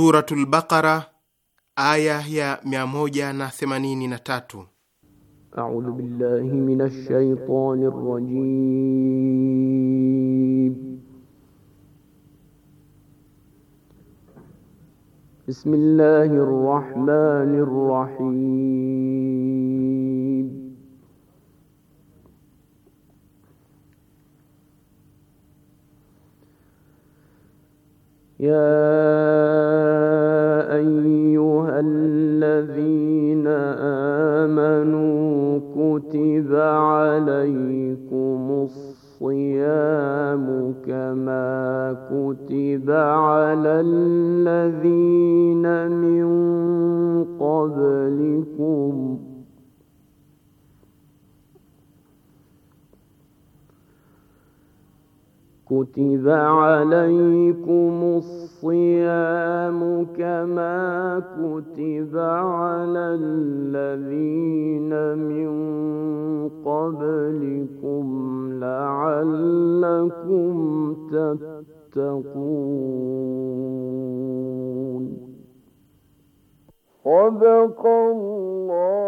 Suratul Baqara aya ya 183. A'udhu billahi minash shaitanir rajim. Bismillahir rahmanir rahim. Ya كتب عليكم الصيام كما كتب على الذين من قبلكم لعلكم تتقون صدق الله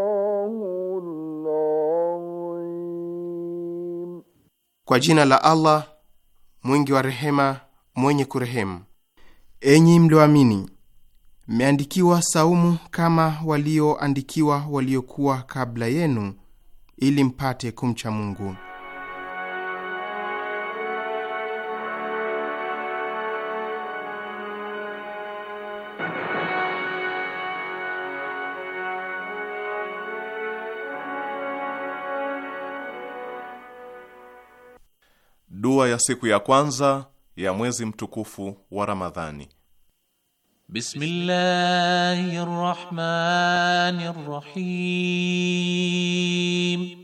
Kwa jina la Allah mwingi wa rehema, mwenye kurehemu. Enyi mlioamini, mmeandikiwa saumu kama walioandikiwa waliokuwa kabla yenu, ili mpate kumcha Mungu. Dua ya siku ya kwanza ya mwezi mtukufu wa Ramadhani. Bismillahir Rahmanir Rahim.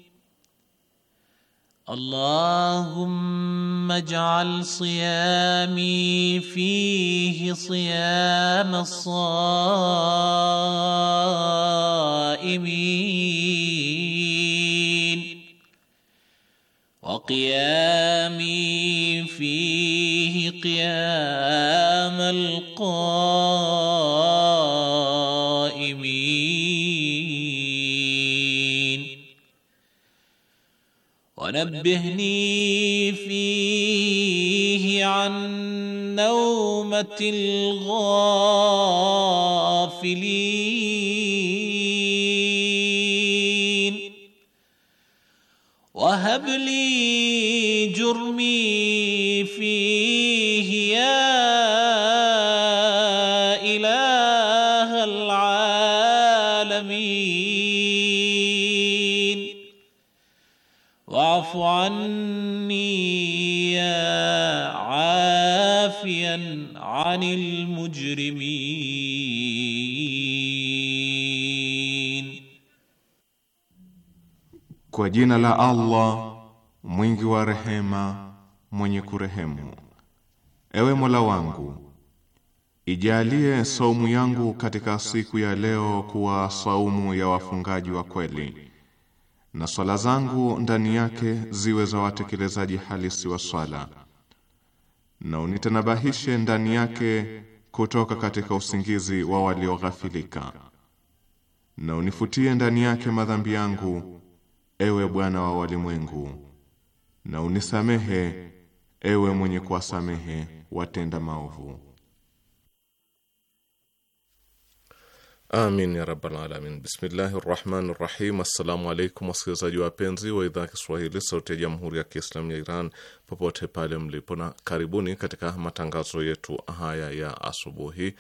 Allahumma ij'al siyami fihi siyam as-saimin وقيامي فيه قيام القائمين ونبهني فيه عن نومه الغافلين هب لي جرمي فيه يا إله العالمين واعف عني يا عافيا عن المجرمين Kwa jina la Allah mwingi wa rehema, mwenye kurehemu. Ewe Mola wangu, ijalie saumu yangu katika siku ya leo kuwa saumu ya wafungaji wa kweli, na swala zangu ndani yake ziwe za watekelezaji halisi wa swala, na unitanabahishe ndani yake kutoka katika usingizi wa walioghafilika, na unifutie ndani yake madhambi yangu ewe Bwana wa walimwengu, na unisamehe ewe mwenye kuwasamehe watenda maovu. Amin ya rabbal alamin. Bismillahi rahmani rahim. Assalamu alaikum wasikilizaji wapenzi wa idhaa ya Kiswahili sauti ya jamhuri ya Kiislamu ya Iran popote pale mlipo, na karibuni katika matangazo yetu haya ya asubuhi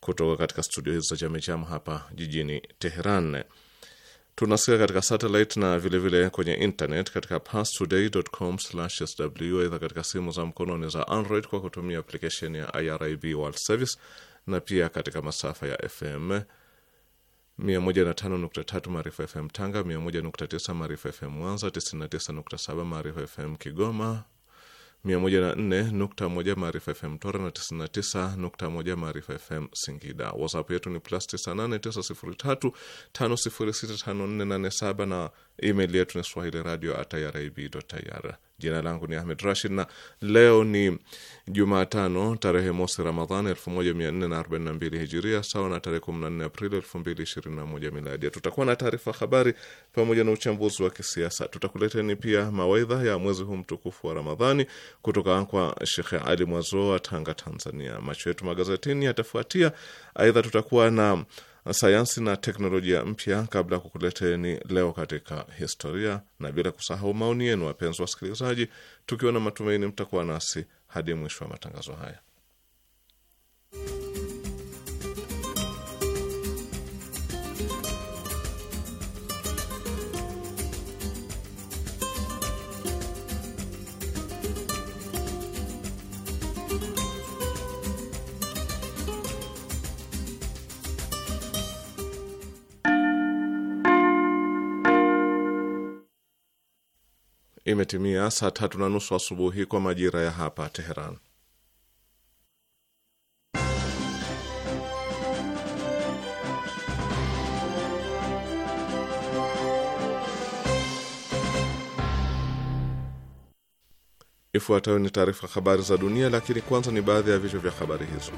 kutoka katika studio hizi za Jamejam hapa jijini Teheran. Tunasikia katika satellite na vilevile vile kwenye internet katika pastodaycom sw aidha katika simu za mkononi za Android kwa kutumia application ya IRIB World Service na pia katika masafa ya FM 105.3 Maarifa FM Tanga, 101.9 Maarifa FM Mwanza, 99.7 Maarifa FM Kigoma 104.1 Maarifa FM Tora na 99.1 Maarifa FM Singida. WhatsApp yetu ni plus 989035065487 na email yetu ni swahili radio @irib.ir. Jina langu ni Ahmed Rashid na leo ni Jumatano tarehe mosi Ramadhani 1442 Hijiria sawa na tarehe 14 Aprili 2021 Miladi. Tutakuwa na taarifa habari pamoja na uchambuzi wa kisiasa. Tutakuleteni pia mawaidha ya mwezi huu mtukufu wa Ramadhani kutoka kwa Shekhe Ali Mwazoa wa Tanga, Tanzania. Macho yetu magazetini yatafuatia. Aidha, tutakuwa na sayansi na teknolojia mpya kabla ya kukuleteni leo katika historia, na bila kusahau maoni yenu, wapenzi wasikilizaji, tukiwa na matumaini mtakuwa nasi hadi mwisho wa matangazo haya. Imetimia saa tatu na nusu asubuhi kwa majira ya hapa Teheran. Ifuatayo ni taarifa habari za dunia, lakini kwanza ni baadhi ya vichwa vya habari hizo.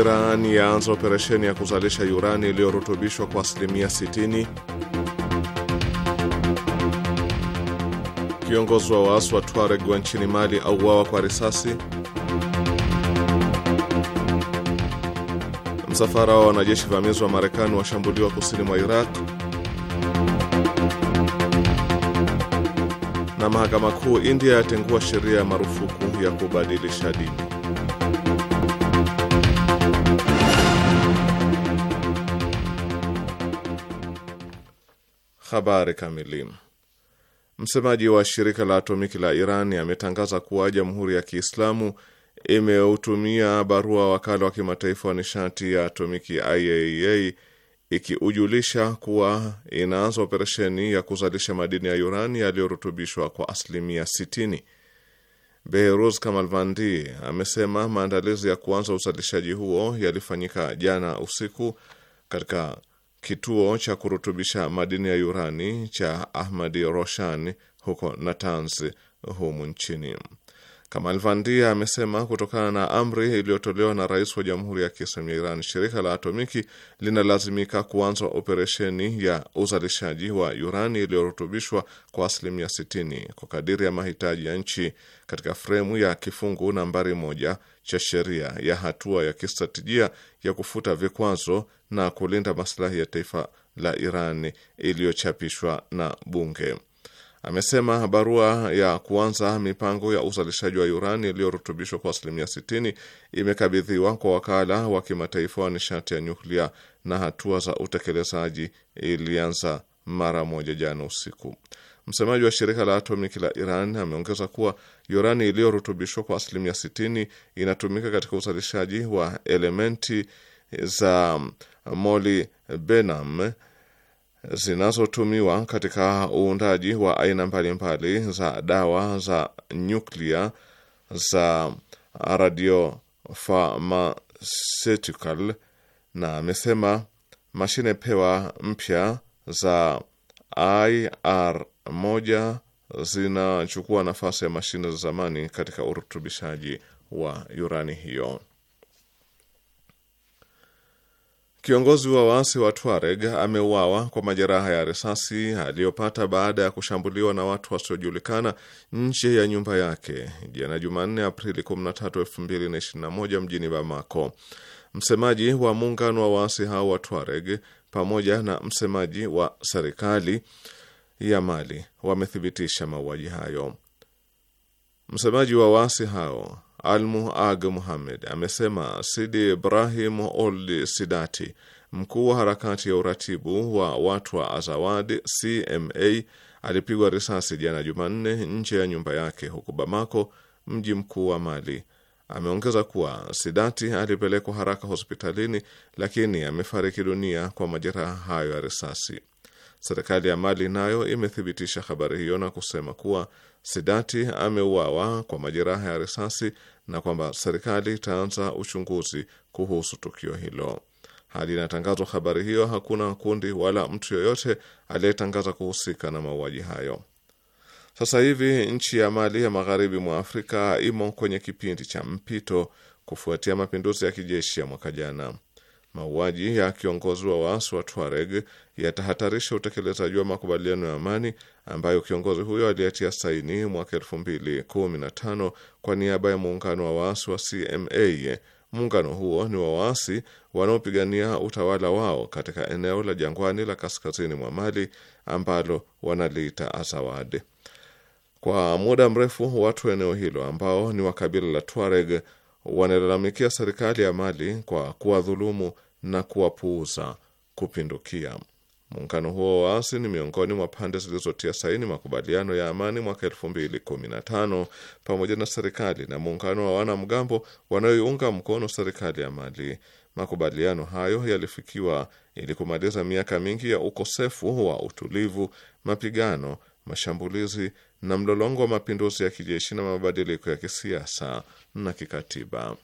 Iran yaanza operesheni ya kuzalisha urani iliyorutubishwa kwa asilimia 60. Kiongozi wa waasi wa Tuareg wa nchini Mali auawa kwa risasi. Msafara wa wanajeshi vamizi wa Marekani washambuliwa kusini mwa Iraq. Na mahakama kuu India yatengua sheria ya marufuku ya kubadilisha dini. Habari kamili. Msemaji wa shirika la atomiki la Iran ametangaza kuwa Jamhuri ya Kiislamu imeutumia barua wakala wa kimataifa wa nishati ya atomiki IAEA e, ikiujulisha kuwa inaanza operesheni ya kuzalisha madini ya urani yaliyorutubishwa kwa asilimia 60. Behruz Kamalvandi amesema maandalizi ya kuanza uzalishaji huo yalifanyika jana usiku katika kituo cha kurutubisha madini ya urani cha Ahmadi Roshan huko Natanz humu nchini. Kamal Vandia amesema kutokana na amri iliyotolewa na rais wa Jamhuri ya Kiislamu ya Iran, shirika la atomiki linalazimika kuanza operesheni ya uzalishaji wa urani iliyorutubishwa kwa asilimia 60 kwa kadiri ya mahitaji ya nchi katika fremu ya kifungu nambari moja cha sheria ya hatua ya kistratejia ya kufuta vikwazo na kulinda maslahi ya taifa la Iran iliyochapishwa na bunge. Amesema barua ya kuanza mipango ya uzalishaji wa urani iliyorutubishwa kwa asilimia 60 imekabidhiwa kwa wakala wa kimataifa wa nishati ya nyuklia na hatua za utekelezaji ilianza mara moja jana usiku. Msemaji wa shirika la atomiki la Iran ameongeza kuwa urani iliyorutubishwa kwa asilimia 60 inatumika katika uzalishaji wa elementi za molybdenum zinazotumiwa katika uundaji wa aina mbalimbali za dawa za nyuklia za radiopharmaceutical, na amesema mashine pewa mpya za IR moja zinachukua nafasi ya mashine za zamani katika urutubishaji wa urani hiyo. Kiongozi wa waasi wa Tuareg ameuawa kwa majeraha ya risasi aliyopata baada ya kushambuliwa na watu wasiojulikana nje ya nyumba yake jana Jumanne, Aprili 13, 2021 mjini Bamako. Msemaji wa muungano wa waasi hao wa Tuareg pamoja na msemaji wa serikali ya Mali wamethibitisha mauaji hayo. Msemaji wa waasi hao Almu Ag Muhammed amesema Sidi Ibrahim Old Sidati, mkuu wa harakati ya uratibu wa watu wa azawad CMA, alipigwa risasi jana Jumanne nje ya nyumba yake huku Bamako, mji mkuu wa Mali. Ameongeza kuwa Sidati alipelekwa haraka hospitalini, lakini amefariki dunia kwa majeraha hayo ya risasi. Serikali ya Mali nayo imethibitisha habari hiyo na kusema kuwa Sidati ameuawa kwa majeraha ya risasi na kwamba serikali itaanza uchunguzi kuhusu tukio hilo. Hadi inatangazwa habari hiyo, hakuna kundi wala mtu yoyote aliyetangaza kuhusika na mauaji hayo. Sasa hivi nchi ya Mali ya magharibi mwa Afrika imo kwenye kipindi cha mpito kufuatia mapinduzi ya kijeshi ya mwaka jana. Mauaji ya kiongozi wa waasi wa Tuareg yatahatarisha utekelezaji wa makubaliano ya amani ambayo kiongozi huyo aliatia saini mwaka 2015 kwa niaba ya muungano wa waasi wa CMA. Muungano huo ni wa waasi wanaopigania utawala wao katika eneo la jangwani la kaskazini mwa Mali ambalo wanaliita Azawad. Kwa muda mrefu watu eneo hilo ambao ni wa kabila la Tuareg wanalalamikia serikali ya Mali kwa kuwadhulumu na kuwapuuza kupindukia. Muungano huo wa waasi ni miongoni mwa pande zilizotia saini makubaliano ya amani mwaka tano pamoja na serikali na muungano wa wanamgambo wanaoiunga mkono serikali ya Mali. Makubaliano hayo yalifikiwa ili kumaliza miaka mingi ya ukosefu wa utulivu, mapigano, mashambulizi na mlolongo wa mapinduzi ya kijeshi na mabadiliko ya kisiasa na kikatiba.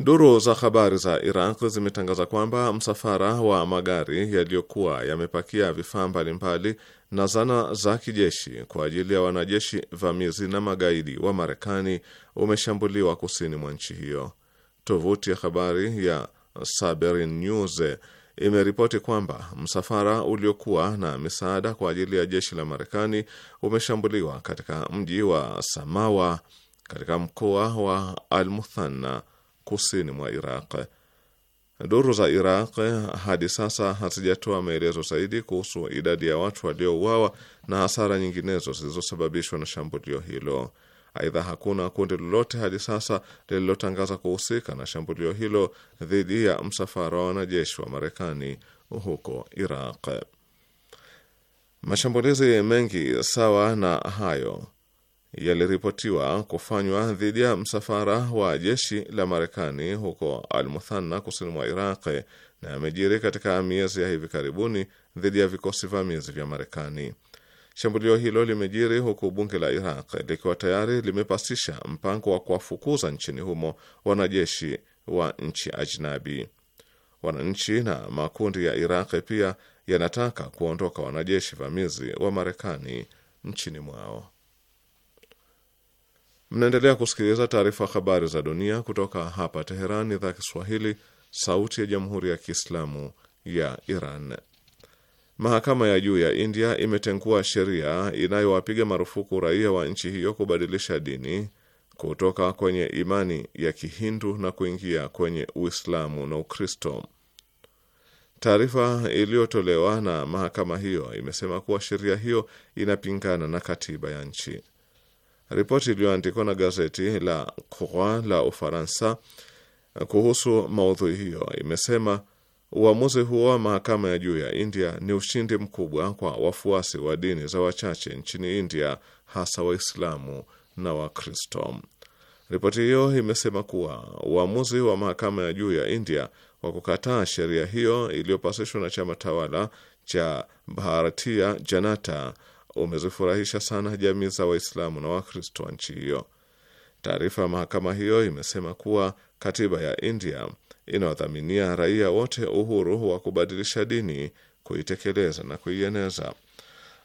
Duru za habari za Iraq zimetangaza kwamba msafara wa magari yaliyokuwa yamepakia vifaa mbalimbali na zana za kijeshi kwa ajili ya wanajeshi vamizi na magaidi wa Marekani umeshambuliwa kusini mwa nchi hiyo. Tovuti ya habari ya Saberin News imeripoti kwamba msafara uliokuwa na misaada kwa ajili ya jeshi la Marekani umeshambuliwa katika mji wa Samawa katika mkoa wa almuthanna kusini mwa Iraq. Duru za Iraq hadi sasa hazijatoa maelezo zaidi kuhusu idadi ya watu waliouawa na hasara nyinginezo zilizosababishwa na shambulio hilo. Aidha, hakuna kundi lolote hadi sasa lililotangaza kuhusika na shambulio hilo dhidi ya msafara wa wanajeshi wa Marekani huko Iraq. Mashambulizi mengi sawa na hayo yaliripotiwa kufanywa dhidi ya msafara wa jeshi la Marekani huko Almuthanna kusini mwa Iraq na yamejiri katika miezi ya hivi karibuni dhidi ya vikosi vamizi vya Marekani. Shambulio hilo limejiri huku bunge la Iraq likiwa tayari limepasisha mpango wa kuwafukuza nchini humo wanajeshi wa nchi ajnabi. Wananchi na makundi ya Iraq pia yanataka kuondoka wanajeshi vamizi wa Marekani nchini mwao. Mnaendelea kusikiliza taarifa habari za dunia kutoka hapa Teheran, idhaa Kiswahili, sauti ya jamhuri ya kiislamu ya Iran. Mahakama ya juu ya India imetengua sheria inayowapiga marufuku raia wa nchi hiyo kubadilisha dini kutoka kwenye imani ya Kihindu na kuingia kwenye Uislamu na Ukristo. Taarifa iliyotolewa na mahakama hiyo imesema kuwa sheria hiyo inapingana na katiba ya nchi. Ripoti iliyoandikwa na gazeti la Croix la Ufaransa kuhusu maudhui hiyo imesema uamuzi huo wa mahakama ya juu ya India ni ushindi mkubwa kwa wafuasi wa dini za wachache nchini India, hasa Waislamu na Wakristo. Ripoti hiyo imesema kuwa uamuzi wa mahakama ya juu ya India wa kukataa sheria hiyo iliyopasishwa na chama tawala cha Bharatiya Janata umezifurahisha sana jamii za Waislamu na Wakristo wa nchi hiyo. Taarifa ya mahakama hiyo imesema kuwa katiba ya India inawadhaminia raia wote uhuru wa kubadilisha dini, kuitekeleza na kuieneza.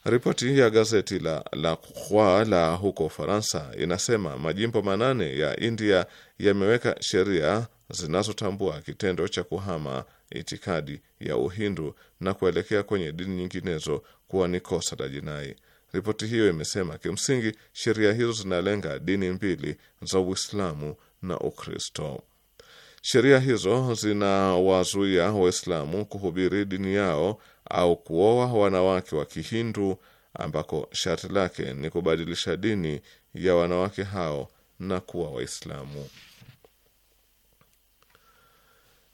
Ripoti ya gazeti la La Croix la huko Ufaransa inasema majimbo manane ya India yameweka sheria zinazotambua kitendo cha kuhama itikadi ya Uhindu na kuelekea kwenye dini nyinginezo kuwa ni kosa la jinai. Ripoti hiyo imesema kimsingi sheria hizo zinalenga dini mbili za Uislamu na Ukristo. Sheria hizo zinawazuia Waislamu kuhubiri dini yao au kuoa wanawake wa Kihindu, ambako sharti lake ni kubadilisha dini ya wanawake hao na kuwa Waislamu.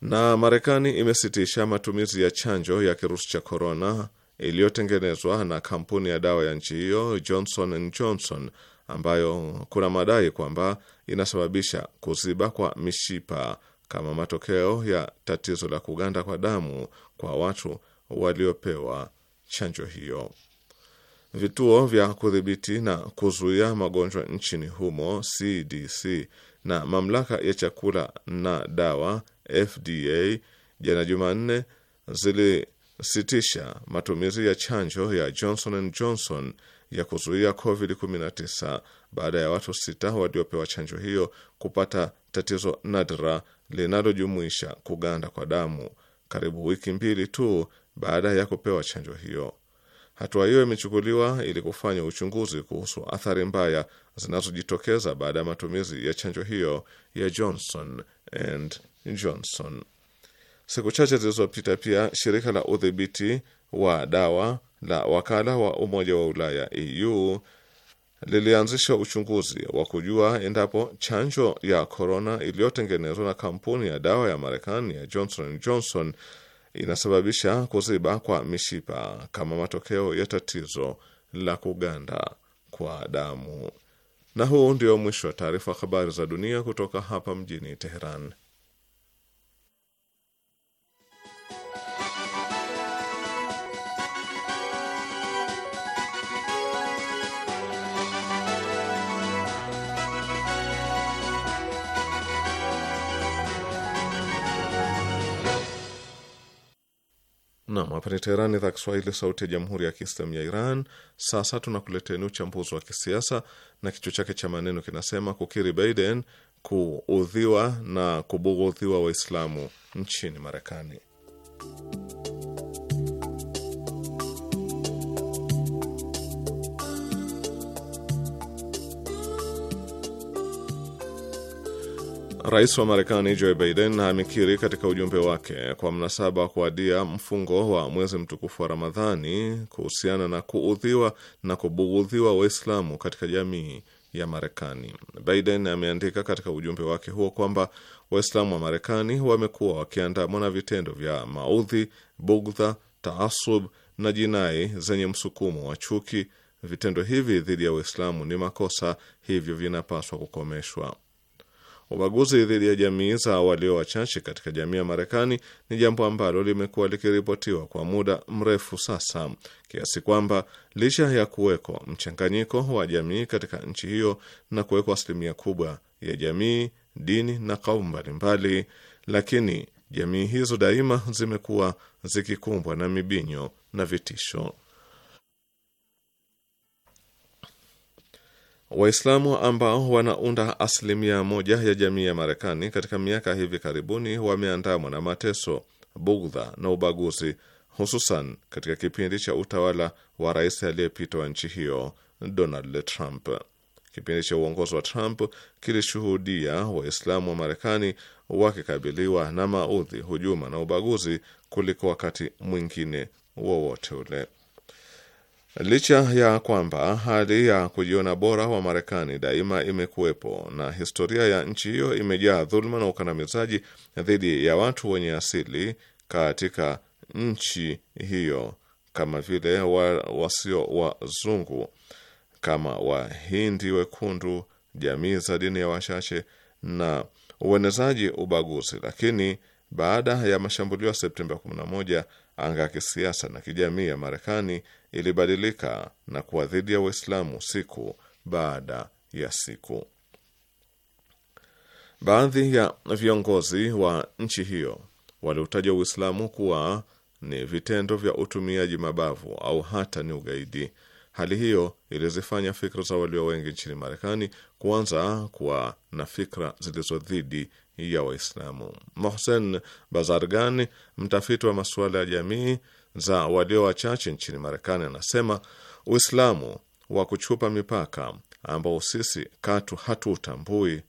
Na Marekani imesitisha matumizi ya chanjo ya kirusi cha korona iliyotengenezwa na kampuni ya dawa ya nchi hiyo Johnson and Johnson ambayo kuna madai kwamba inasababisha kuziba kwa mishipa kama matokeo ya tatizo la kuganda kwa damu kwa watu waliopewa chanjo hiyo. Vituo vya kudhibiti na kuzuia magonjwa nchini humo CDC na mamlaka ya chakula na dawa FDA jana Jumanne zili sitisha matumizi ya chanjo ya Johnson and Johnson ya kuzuia COVID-19 baada ya watu sita waliopewa chanjo hiyo kupata tatizo nadra linalojumuisha kuganda kwa damu karibu wiki mbili tu baada ya kupewa chanjo hiyo. Hatua hiyo imechukuliwa ili kufanya uchunguzi kuhusu athari mbaya zinazojitokeza baada ya matumizi ya chanjo hiyo ya Johnson and Johnson. Siku chache zilizopita pia shirika la udhibiti wa dawa la wakala wa Umoja wa Ulaya EU lilianzisha uchunguzi wa kujua endapo chanjo ya korona iliyotengenezwa na kampuni ya dawa ya Marekani ya Johnson Johnson inasababisha kuziba kwa mishipa kama matokeo ya tatizo la kuganda kwa damu. Na huu ndio mwisho wa taarifa habari za dunia kutoka hapa mjini Teheran. Nam, hapa ni Teherani, idhaa Kiswahili, sauti ya jamhuri ya kiislamu ya Iran. Sasa tunakuleteni uchambuzi wa kisiasa na kichwa chake cha maneno kinasema kukiri Biden kuudhiwa na kubughudhiwa Waislamu nchini Marekani. Rais wa Marekani Joe Biden amekiri katika ujumbe wake kwa mnasaba wa kuadia mfungo wa mwezi mtukufu wa Ramadhani kuhusiana na kuudhiwa na kubughudhiwa Waislamu katika jamii ya Marekani. Biden ameandika katika ujumbe wake huo kwamba Waislamu wa Marekani wamekuwa wakiandamwa na vitendo vya maudhi, bugdha, taasub na jinai zenye msukumo wa chuki. Vitendo hivi dhidi ya Waislamu ni makosa, hivyo vinapaswa kukomeshwa. Ubaguzi dhidi ya jamii za walio wachache katika jamii ya Marekani ni jambo ambalo limekuwa likiripotiwa kwa muda mrefu sasa, kiasi kwamba licha ya kuwekwa mchanganyiko wa jamii katika nchi hiyo na kuwekwa asilimia kubwa ya jamii, dini na kaumu mbalimbali, lakini jamii hizo daima zimekuwa zikikumbwa na mibinyo na vitisho. Waislamu ambao wanaunda asilimia moja ya jamii ya Marekani katika miaka hivi karibuni wameandamwa na mateso, bugdha na ubaguzi, hususan katika kipindi cha utawala wa rais aliyepita wa nchi hiyo Donald Trump. Kipindi cha uongozi wa Trump kilishuhudia Waislamu wa Marekani wakikabiliwa na maudhi, hujuma na ubaguzi kuliko wakati mwingine wowote ule. Licha ya kwamba hali ya kujiona bora wa Marekani daima imekuwepo na historia ya nchi hiyo imejaa dhuluma na ukandamizaji dhidi ya watu wenye asili katika nchi hiyo kama vile wasio wazungu kama Wahindi wekundu, jamii za dini ya wachache na uenezaji ubaguzi, lakini baada ya mashambulio ya Septemba 11 anga ya kisiasa na kijamii ya Marekani ilibadilika na kuwa dhidi ya Waislamu siku baada ya siku. Baadhi ya viongozi wa nchi hiyo waliutaja Uislamu kuwa ni vitendo vya utumiaji mabavu au hata ni ugaidi. Hali hiyo ilizifanya fikra za walio wengi nchini Marekani kuanza kuwa na fikra zilizo dhidi ya Waislamu. Mohsen Bazargani, mtafiti wa masuala ya jamii za walio wachache nchini Marekani anasema Uislamu wa kuchupa mipaka ambao sisi katu hatuutambui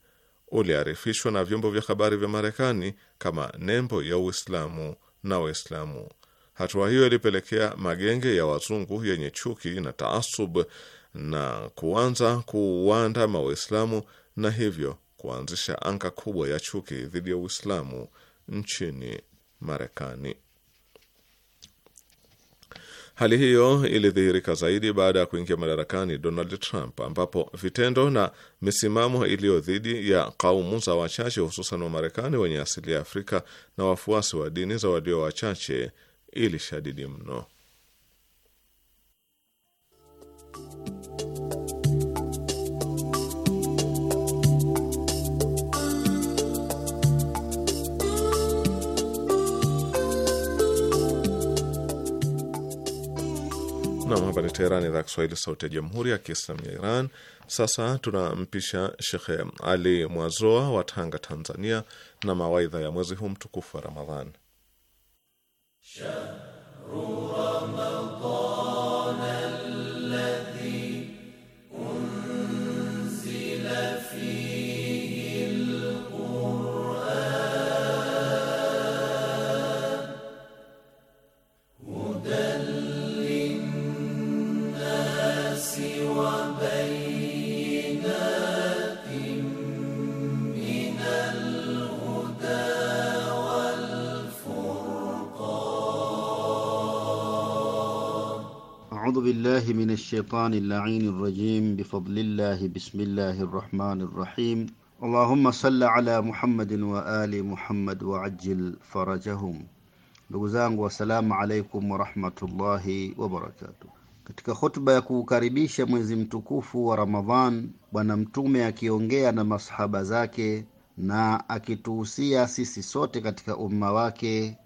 uliarifishwa na vyombo vya habari vya Marekani kama nembo ya Uislamu na Waislamu. Hatua hiyo ilipelekea magenge ya wazungu yenye chuki na taasub na kuanza kuuandama Waislamu na hivyo kuanzisha anga kubwa ya chuki dhidi ya Uislamu nchini Marekani. Hali hiyo ilidhihirika zaidi baada ya kuingia madarakani Donald Trump, ambapo vitendo na misimamo iliyo dhidi ya kaumu za wachache, hususan wa Marekani wenye asili ya Afrika na wafuasi wa dini za walio wachache ilishadidi mno. Nam, hapa ni Teherani, idhaa Kiswahili, sauti ya jamhuri ya kiislamu ya Iran. Sasa tunampisha Shekhe Ali Mwazoa wa Tanga, Tanzania, na mawaidha ya mwezi huu mtukufu wa Ramadhan. أعوذ بالله من الشيطان اللعين الرجيم بفضل الله بسم الله الرحمن الرحيم اللهم صل على محمد وآل محمد وعجل فرجهم ndugu والسلام عليكم ورحمة الله وبركاته katika hotuba ya kuukaribisha mwezi mtukufu wa ramadhan bwana mtume akiongea na masahaba zake na akituhusia sisi sote katika umma wake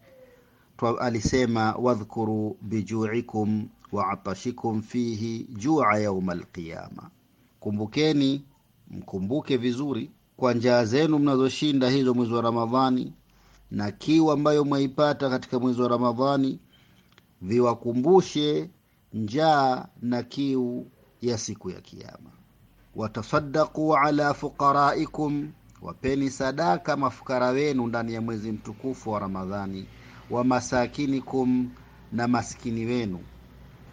alisema wadhkuru bijuikum wa atashikum fihi jua yauma alqiyama, kumbukeni mkumbuke vizuri kwa njaa zenu mnazoshinda hizo mwezi wa Ramadhani na kiu ambayo mwaipata katika mwezi wa Ramadhani, viwakumbushe njaa na kiu ya siku ya Kiyama. Watasaddaqu ala fuqaraikum, wapeni sadaka mafukara wenu ndani ya mwezi mtukufu wa Ramadhani. Wa masakinikum, na maskini wenu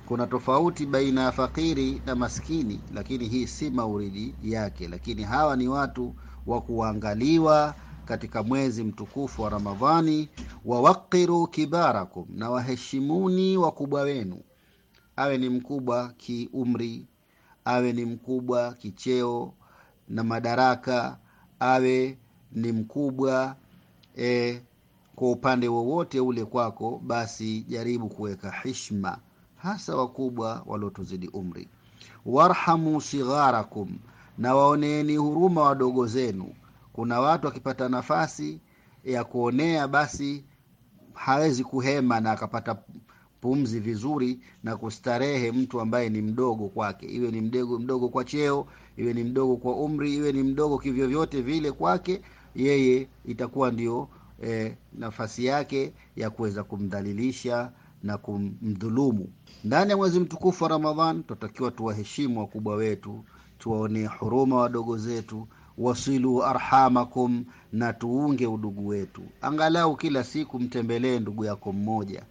kuna tofauti baina ya fakiri na maskini, lakini hii si mauridi yake, lakini hawa ni watu wa kuangaliwa katika mwezi mtukufu wa Ramadhani. wawakiru kibarakum, na waheshimuni wakubwa wenu, awe ni mkubwa kiumri, awe ni mkubwa kicheo na madaraka, awe ni mkubwa e, kwa upande wowote ule kwako, basi jaribu kuweka hishma hasa wakubwa waliotuzidi umri warhamu sigharakum na waoneeni huruma wadogo zenu kuna watu akipata nafasi ya kuonea basi hawezi kuhema na akapata pumzi vizuri na kustarehe mtu ambaye ni mdogo kwake iwe ni mdogo mdogo kwa cheo iwe ni mdogo kwa umri iwe ni mdogo kivyovyote vile kwake yeye itakuwa ndio eh, nafasi yake ya kuweza kumdhalilisha na kumdhulumu. Ndani ya mwezi mtukufu wa Ramadhan tunatakiwa tuwaheshimu wakubwa wetu, tuwaonee huruma wadogo zetu, wasilu arhamakum, na tuunge udugu wetu. Angalau kila siku mtembelee ndugu yako mmoja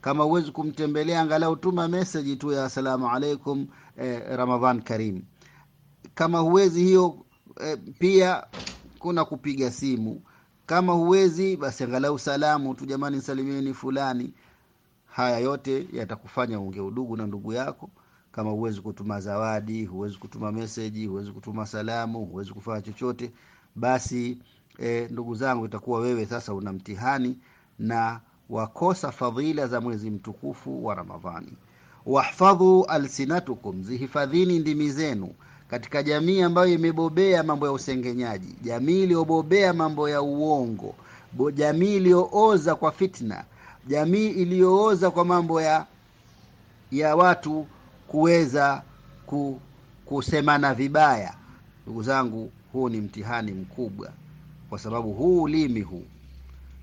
kama huwezi kumtembelea angalau tuma meseji tu ya asalamu alaikum, eh, Ramadhan karim. Kama huwezi hiyo eh, pia kuna kupiga simu. Kama huwezi basi angalau salamu tu, jamani, salimieni fulani haya yote yatakufanya unge udugu na ndugu yako. Kama huwezi kutuma zawadi, huwezi kutuma meseji, huwezi kutuma salamu, huwezi kufanya chochote, basi e, ndugu zangu, itakuwa wewe sasa una mtihani na wakosa fadhila za mwezi mtukufu wa Ramadhani. Wahfadhu alsinatukum, zihifadhini ndimi zenu, katika jamii ambayo imebobea mambo ya usengenyaji, jamii iliyobobea mambo ya uongo, jamii iliyooza kwa fitna jamii iliyooza kwa mambo ya ya watu kuweza ku, kusemana vibaya ndugu zangu huu ni mtihani mkubwa kwa sababu huu ulimi huu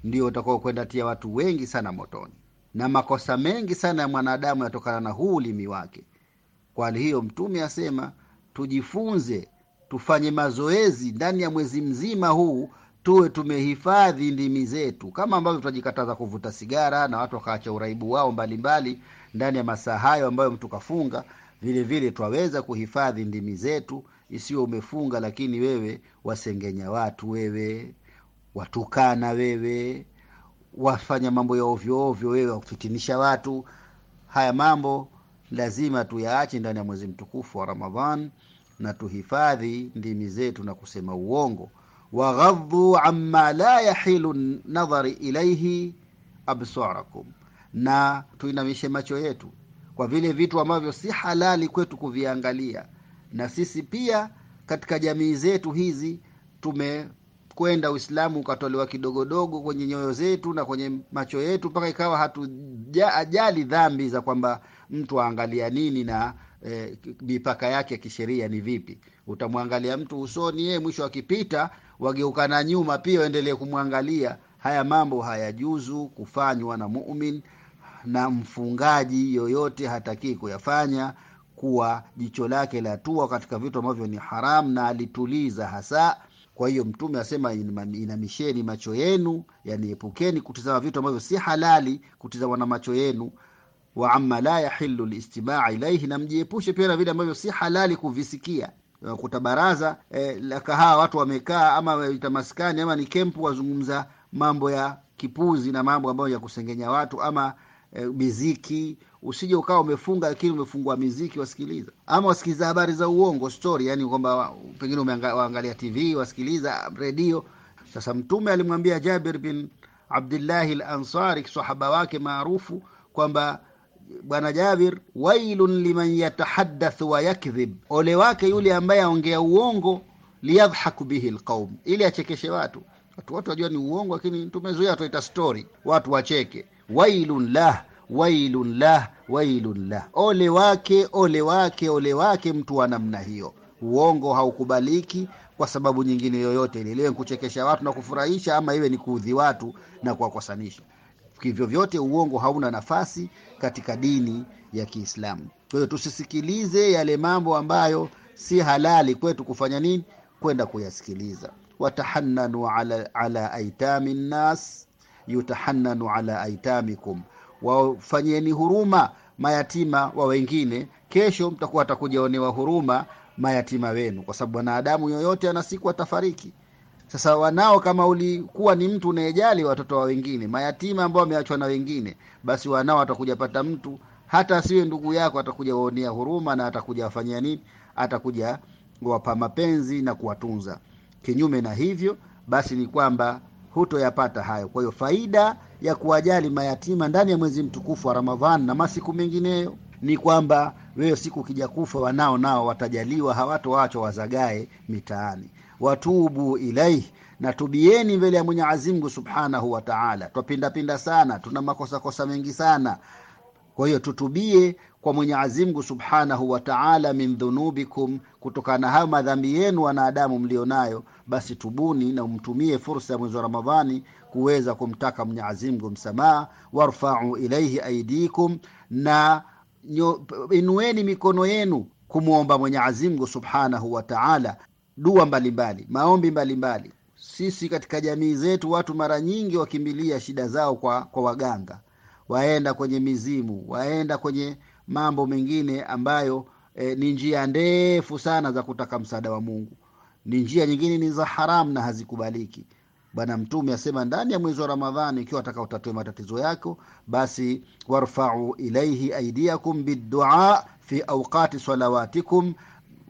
ndio utakuwa kwenda tia watu wengi sana motoni na makosa mengi sana ya mwanadamu yatokana na huu ulimi wake kwa hali hiyo mtume asema tujifunze tufanye mazoezi ndani ya mwezi mzima huu tuwe tumehifadhi ndimi zetu, kama ambavyo tunajikataza kuvuta sigara na watu wakaacha uraibu wao mbalimbali ndani ya masaa hayo ambayo mtu kafunga. Vile vile twaweza kuhifadhi ndimi zetu, isiyo umefunga, lakini wewe wasengenya watu, wewe watukana, wewe wafanya mambo ya ovyoovyo wewe wakufitinisha watu. Haya mambo lazima tuyaache ndani ya mwezi mtukufu wa Ramadhan na tuhifadhi ndimi zetu na kusema uongo waghadhu amma la yahilu nadhari ilaihi absarakum, na tuinamishe macho yetu kwa vile vitu ambavyo si halali kwetu kuviangalia. Na sisi pia katika jamii zetu hizi tumekwenda, Uislamu ukatolewa kidogodogo kwenye nyoyo zetu na kwenye macho yetu, mpaka ikawa hatujali dhambi za kwamba mtu aangalia nini na eh, yake ya kisheria ni vipi. Utamwangalia mtu usoni, yeye mwisho akipita, wageukana nyuma pia waendelee kumwangalia. Haya mambo hayajuzu kufanywa na mumin na mfungaji yoyote hatakii kuyafanya, kuwa jicho lake latua katika vitu ambavyo ni haramu na alituliza hasa. Kwa hiyo Mtume asema inamisheni macho yenu, yani epukeni kutizama vitu ambavyo si halali kutizama na macho yenu wa amma la yahillu listimaa ilaihi, na mjiepushe pia na vile ambavyo si halali kuvisikia kuta baraza eh, la kahawa watu wamekaa, ama tamaskani ama ni kempu, wazungumza mambo ya kipuzi na mambo ambayo ya kusengenya watu ama eh, miziki. Usije ukawa umefunga lakini umefungua miziki wasikiliza, ama wasikiliza habari za uongo story, yani kwamba pengine umeangalia TV wasikiliza redio. Sasa Mtume alimwambia Jabir bin Abdillahi al-Ansari, sahaba wake maarufu kwamba bwana Jabir, wailun liman yatahaddathu wa yakdhib, ole wake yule ambaye aongea uongo liyadhhaku bihi alqaum, ili achekeshe watu. Watu wote wajua ni uongo, lakini tumezuia tuita story, watu wacheke. Wailun lah wailun lah wailun lah, ole wake, ole wake, ole wake mtu wa namna hiyo. Uongo haukubaliki kwa sababu nyingine yoyote ile, liwe kuchekesha watu na kufurahisha, ama iwe ni kuudhi watu na kuwakosanisha. Kivyo vyote uongo hauna nafasi katika dini ya Kiislamu. Kwa hiyo tusisikilize yale mambo ambayo si halali kwetu kufanya nini, kwenda kuyasikiliza. watahannanu ala, ala aitami nnas yutahannanu ala aitamikum, wafanyeni huruma mayatima wa wengine. Kesho mtakuwa atakujaonewa huruma mayatima wenu, kwa sababu wanadamu yoyote ana siku atafariki. Sasa wanao, kama ulikuwa ni mtu unayejali watoto wa wengine, mayatima ambao wameachwa na wengine, basi wanao watakuja pata mtu hata asiwe ndugu yako, atakuja waonea huruma na atakuja wafanyia nini, atakuja wapa mapenzi na kuwatunza. Kinyume na hivyo, basi ni kwamba hutoyapata hayo. Kwa hiyo faida ya kuwajali mayatima ndani ya mwezi mtukufu wa Ramadhani na masiku mengineyo ni kwamba wewe siku ukija kufa, wanao nao watajaliwa, hawatoachwa wazagae mitaani watubu ilaih na tubieni mbele ya Mwenyezi Mungu Subhanahu wa Ta'ala. Twapindapinda sana, tuna makosa kosa mengi sana. Kwa hiyo tutubie kwa Mwenyezi Mungu Subhanahu wa Ta'ala, min dhunubikum, kutokana na hayo madhambi yenu wanadamu mlionayo, basi tubuni na umtumie fursa ya mwezi wa Ramadhani kuweza kumtaka Mwenyezi Mungu msamaha. Warfa'u ilaihi aidikum, na inueni mikono yenu kumwomba Mwenyezi Mungu Subhanahu wa Ta'ala dua mbalimbali, maombi mbalimbali. Sisi katika jamii zetu watu mara nyingi wakimbilia shida zao kwa, kwa waganga, waenda kwenye mizimu, waenda kwenye mambo mengine ambayo e, ni njia ndefu sana za kutaka msaada wa Mungu. Ni njia nyingine ni za haramu na hazikubaliki. Bwana Mtume asema ndani ya mwezi wa Ramadhani, ikiwa ataka utatue matatizo yako, basi warfau ilaihi aidiakum biddua fi auqati salawatikum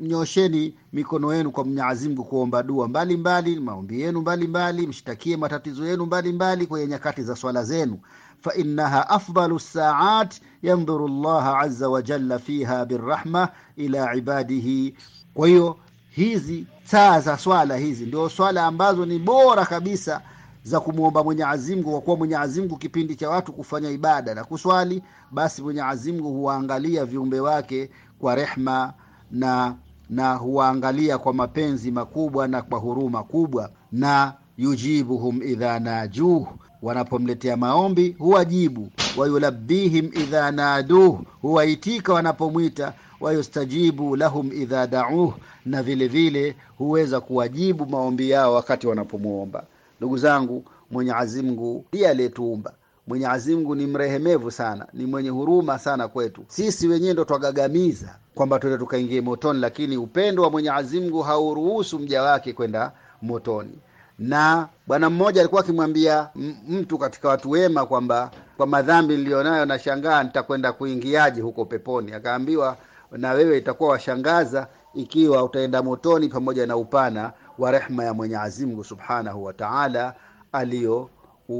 nyosheni mikono yenu kwa Mwenyezi kuomba dua mbalimbali, maombi yenu mbalimbali, mshtakie matatizo yenu mbalimbali kwenye nyakati za swala zenu. Fa innaha afdalu saat yandhuru llaha aza wa fiha birahma ila ibadihi. Kwa hiyo hizi saa za swala hizi ndio swala ambazo ni bora kabisa za kumwomba Mwenyezi Mungu, kwa kuwa Mwenyezi kipindi cha watu kufanya ibada na kuswali, basi Mwenyezi huwaangalia viumbe wake kwa rehma na na huwaangalia kwa mapenzi makubwa na kwa huruma kubwa, na yujibuhum idha najuh, wanapomletea maombi huwajibu. Wayulabihim idha naduh, huwaitika wanapomwita. Wayustajibu lahum idha dauh, na vile vile huweza kuwajibu maombi yao wakati wanapomwomba. Ndugu zangu, Mwenyezi Mungu ndiye aliyetuumba Mwenyezi Mungu ni mrehemevu sana, ni mwenye huruma sana kwetu sisi. Wenyewe ndo twagagamiza kwamba tuende tukaingie motoni, lakini upendo wa Mwenyezi Mungu hauruhusu mja wake kwenda motoni. Na bwana mmoja alikuwa akimwambia mtu katika watu wema kwamba kwa madhambi niliyonayo nashangaa nitakwenda kuingiaje huko peponi. Akaambiwa, na wewe itakuwa washangaza ikiwa utaenda motoni pamoja na upana wa rehma ya Mwenyezi Mungu Subhanahu wa Ta'ala aliyo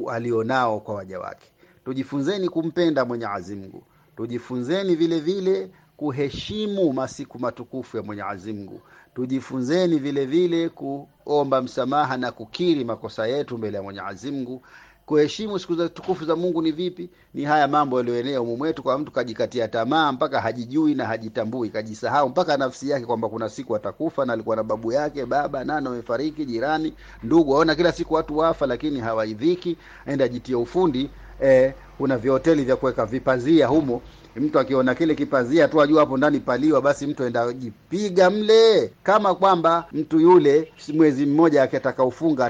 alionao kwa waja wake. Tujifunzeni kumpenda Mwenyezi Mungu, tujifunzeni vile vile kuheshimu masiku matukufu ya Mwenyezi Mungu, tujifunzeni vile vile kuomba msamaha na kukiri makosa yetu mbele ya Mwenyezi Mungu kuheshimu siku za tukufu za Mungu ni vipi? Ni haya mambo yaliyoenea humu mwetu, kwa mtu kajikatia tamaa mpaka hajijui na hajitambui, kajisahau mpaka nafsi yake kwamba kuna siku atakufa, na alikuwa na babu yake, baba nani amefariki, jirani, ndugu, aona kila siku watu wafa, lakini hawaidhiki. Aenda jitie ufundi eh, una vihoteli vya kuweka vipazia humo mtu akiona kile kipazia tu ajua hapo ndani paliwa, basi mtu aenda jipiga mle, kama kwamba mtu yule mwezi mmoja akitaka ufunga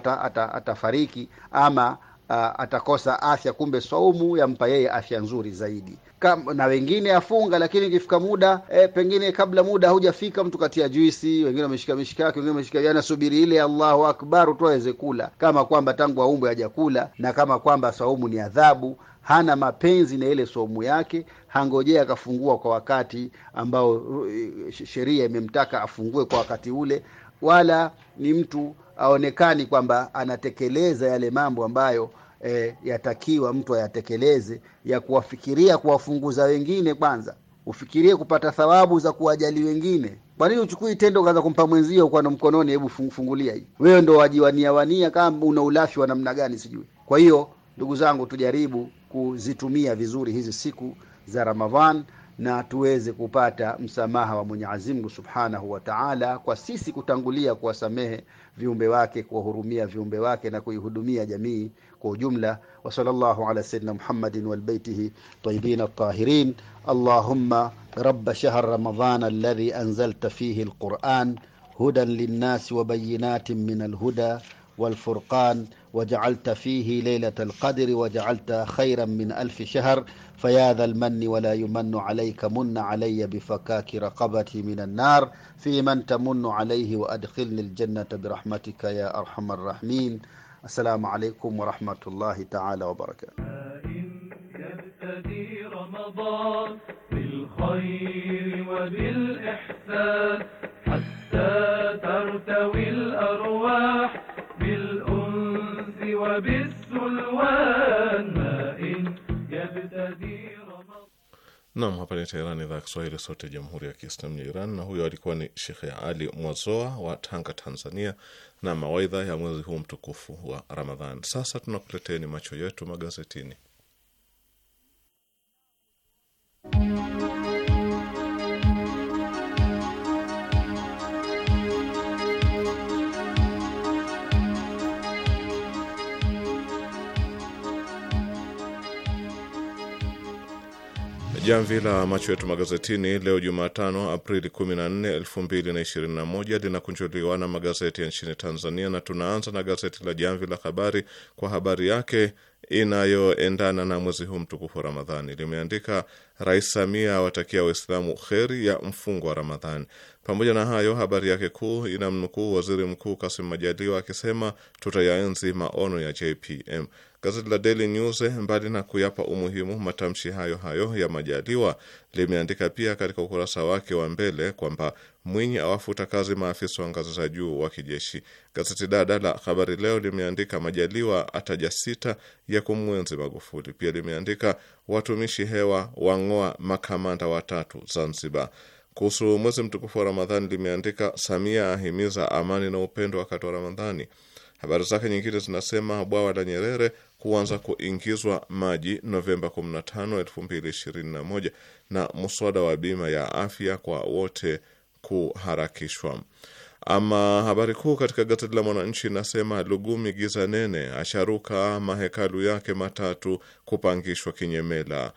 atafariki ata, ata, ama uh, atakosa afya, kumbe saumu yampa yeye afya nzuri zaidi. Kam, na wengine afunga, lakini ikifika muda e, pengine kabla muda haujafika mtu katia juisi, wengine wameshika mishikaki, wengine wameshika yanasubiri ile Allahu akbar tu aweze kula, kama kwamba tangu aumbwe hajakula, na kama kwamba saumu ni adhabu hana mapenzi na ile somu yake, hangojea akafungua kwa wakati ambao e, sheria imemtaka afungue kwa wakati ule, wala ni mtu aonekani kwamba anatekeleza yale mambo ambayo e, yatakiwa mtu ayatekeleze ya kuwafikiria kuwafunguza wengine kwanza ufikirie kupata thawabu za kuwajali wengine. Kwa nini uchukui tendo kaza kumpa mwenzio kwa mkononi, hebu fungulia hii? Wewe ndo wajiwania wania kama una ulafi wa namna gani sijui. Kwa hiyo ndugu zangu, tujaribu kuzitumia vizuri hizi siku za Ramadhan na tuweze kupata msamaha wa Mwenyezi Mungu Subhanahu wa Ta'ala, kwa sisi kutangulia kuwasamehe viumbe wake, kuwahurumia viumbe wake na kuihudumia jamii حقه جملة وصلى الله على سيدنا محمد والبيته طيبين الطاهرين اللهم رب شهر رمضان الذي أنزلت فيه القرآن هدى للناس وبينات من الهدى والفرقان وجعلت فيه ليلة القدر وجعلت خيرا من ألف شهر فيا ذا المن ولا يمن عليك من علي بفكاك رقبتي من النار في من تمن عليه وأدخلني الجنة برحمتك يا أرحم الراحمين السلام عليكم ورحمة الله تعالى وبركاته إن يبتدي رمضان بالخير وبالإحسان حتى ترتوي الأرواح بالأنس وبالسلوان ما إن يبتدي Nam, hapa ni Teherani, idhaa ya Kiswahili, sauti ya jamhuri ya kiislamu ya Iran. Na huyo alikuwa ni Shekhe Ali Mwazoa wa Tanga, Tanzania, na mawaidha ya mwezi huu mtukufu wa Ramadhan. Sasa tunakuleteni macho yetu magazetini. Jamvi la macho yetu magazetini leo Jumatano, Aprili 14, 2021 linakunjuliwa na magazeti ya nchini Tanzania, na tunaanza na gazeti la Jamvi la Habari kwa habari yake inayoendana na mwezi huu mtukufu Ramadhani. Limeandika Rais Samia awatakia Waislamu kheri ya mfungo wa Ramadhani. Pamoja na hayo, habari yake kuu inamnukuu Waziri Mkuu Kasim Majaliwa akisema tutayaenzi maono ya JPM. Gazeti la Daily News, eh, mbali na kuyapa umuhimu matamshi hayo hayo ya Majaliwa, limeandika pia katika ukurasa wake wa mbele kwamba Mwinyi awafuta kazi maafisa wa ngazi za juu wa kijeshi. Gazeti dada la Habari Leo limeandika Majaliwa ataja sita ya kumwenzi Magufuli. Pia limeandika watumishi hewa wang'oa makamanda watatu Zanzibar. Kuhusu mwezi mtukufu wa Ramadhani limeandika Samia ahimiza amani na upendo wakati wa Ramadhani. Habari zake nyingine zinasema bwawa la Nyerere kuanza kuingizwa maji Novemba 15, 2021 na mswada wa bima ya afya kwa wote kuharakishwa. Ama habari kuu katika gazeti la Mwananchi inasema Lugumi giza nene asharuka mahekalu yake matatu kupangishwa kinyemela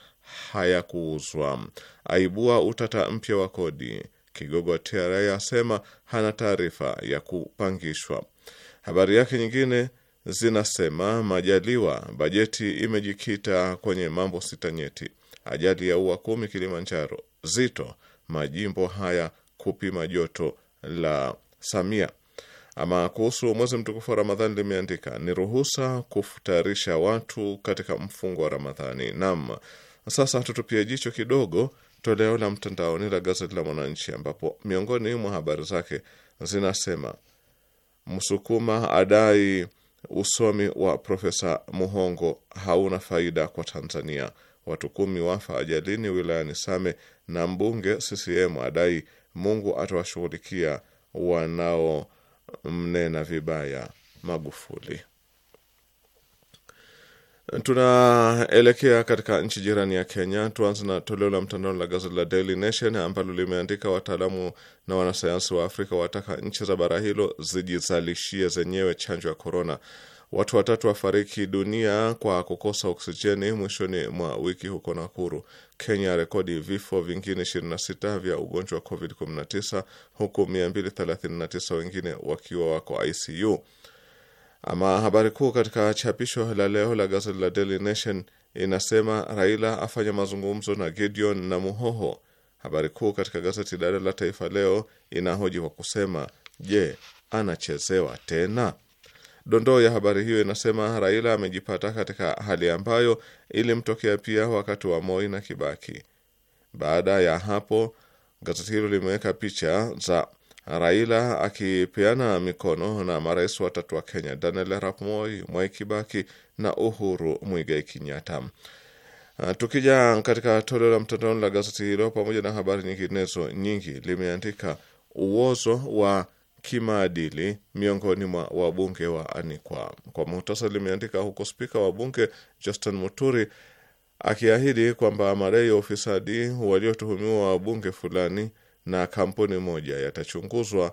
hayakuuzwa, aibua utata mpya wa kodi. Kigogo wa TRA asema hana taarifa ya kupangishwa. Habari yake nyingine zinasema Majaliwa, bajeti imejikita kwenye mambo sita nyeti. Ajali ya ua kumi Kilimanjaro. Zito, majimbo haya kupima joto la Samia. Ama kuhusu mwezi mtukufu wa Ramadhani limeandika ni ruhusa kufutarisha watu katika mfungo wa Ramadhani. Naam, sasa tutupie jicho kidogo toleo la mtandaoni la gazeti la Mwananchi, ambapo miongoni mwa habari zake zinasema Msukuma adai usomi wa Profesa Muhongo hauna faida kwa Tanzania. Watu kumi wafa ajalini wilayani Same, na mbunge CCM adai Mungu atawashughulikia wanaomnena vibaya Magufuli. Tunaelekea katika nchi jirani ya Kenya. Tuanze na toleo la mtandao la gazeti la Daily Nation ambalo limeandika wataalamu na wanasayansi wa Afrika wataka nchi za bara hilo zijizalishie zenyewe chanjo ya korona. Watu watatu wafariki dunia kwa kukosa oksijeni mwishoni mwa wiki huko Nakuru. Kenya rekodi vifo vingine 26 vya ugonjwa wa COVID-19 huku 239 wengine wakiwa wako ICU. Ama habari kuu katika chapisho la leo la gazeti la Daily Nation inasema Raila afanya mazungumzo na Gideon na Muhoho. Habari kuu katika gazeti dada la Taifa Leo inahoji kwa kusema je, anachezewa tena? Dondoo ya habari hiyo inasema Raila amejipata katika hali ambayo ilimtokea pia wakati wa Moi na Kibaki. Baada ya hapo, gazeti hilo limeweka picha za Raila akipeana mikono na marais watatu wa Kenya, Daniel Arap Moi, Mwai Kibaki na Uhuru Muigai Kenyatta. Ah, tukija katika toleo la mtandaoni la gazeti hilo, pamoja na habari nyinginezo nyingi, limeandika uozo wa kimaadili miongoni mwa wabunge wa Anikwa. Kwa muhtasari, limeandika huko spika wa bunge Justin Muturi akiahidi kwamba madai ya ufisadi waliotuhumiwa wabunge fulani na kampuni moja yatachunguzwa.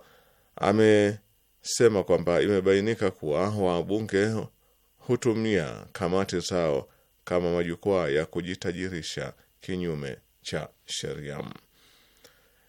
Amesema kwamba imebainika kuwa wabunge hutumia kamati zao kama majukwaa ya kujitajirisha kinyume cha sheria.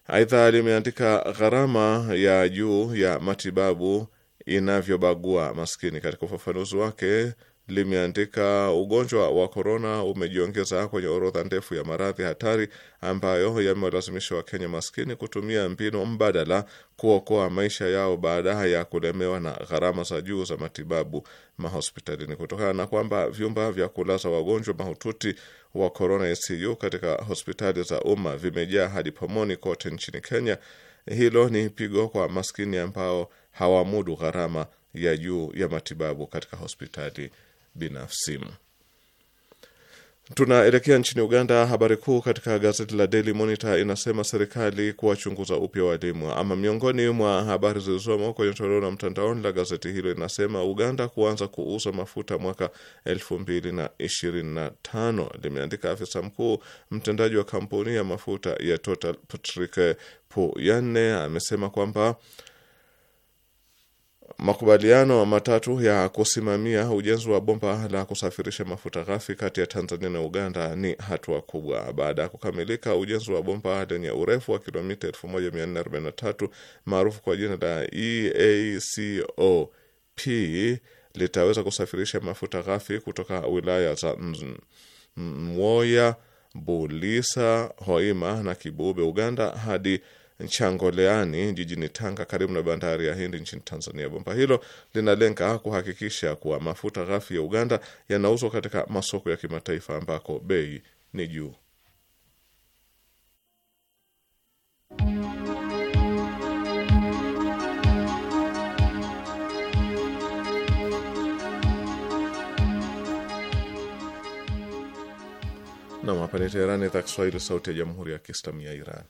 Aidha, limeandika gharama ya juu ya matibabu inavyobagua maskini. Katika ufafanuzi wake limeandika ugonjwa wa korona umejiongeza kwenye orodha ndefu ya maradhi hatari ambayo yamewalazimisha Wakenya maskini kutumia mbinu mbadala kuokoa maisha yao baada ya kulemewa na gharama za juu za matibabu mahospitalini, kutokana na kwamba vyumba vya kulaza wagonjwa mahututi wa korona ICU katika hospitali za umma vimejaa hadi pomoni kote nchini Kenya. Hilo ni pigo kwa maskini ambao hawamudu gharama ya juu ya matibabu katika hospitali binafsi. Tunaelekea nchini Uganda. Habari kuu katika gazeti la Daily Monitor inasema serikali kuwachunguza upya walimu. Ama miongoni mwa habari zilizomo kwenye toleo la mtandaoni la gazeti hilo inasema Uganda kuanza kuuza mafuta mwaka 2025 limeandika afisa mkuu mtendaji wa kampuni ya mafuta ya Total Patrick Poyanne amesema kwamba Makubaliano matatu ya kusimamia ujenzi wa bomba la kusafirisha mafuta ghafi kati ya Tanzania na Uganda ni hatua kubwa baada ya kukamilika ujenzi wa bomba lenye urefu wa kilomita 1443 maarufu kwa jina la EACOP litaweza kusafirisha mafuta ghafi kutoka wilaya za Mwoya, Bulisa, Hoima na Kibube, Uganda hadi Changoleani jijini Tanga, karibu na bandari ya Hindi nchini Tanzania. Bomba hilo linalenga kuhakikisha kuwa mafuta ghafi ya Uganda yanauzwa katika masoko ya kimataifa ambako bei ni juu. Nam, hapa ni Teherani, idhaa Kiswahili, sauti ya jamhuri ya kiislamu ya Iran.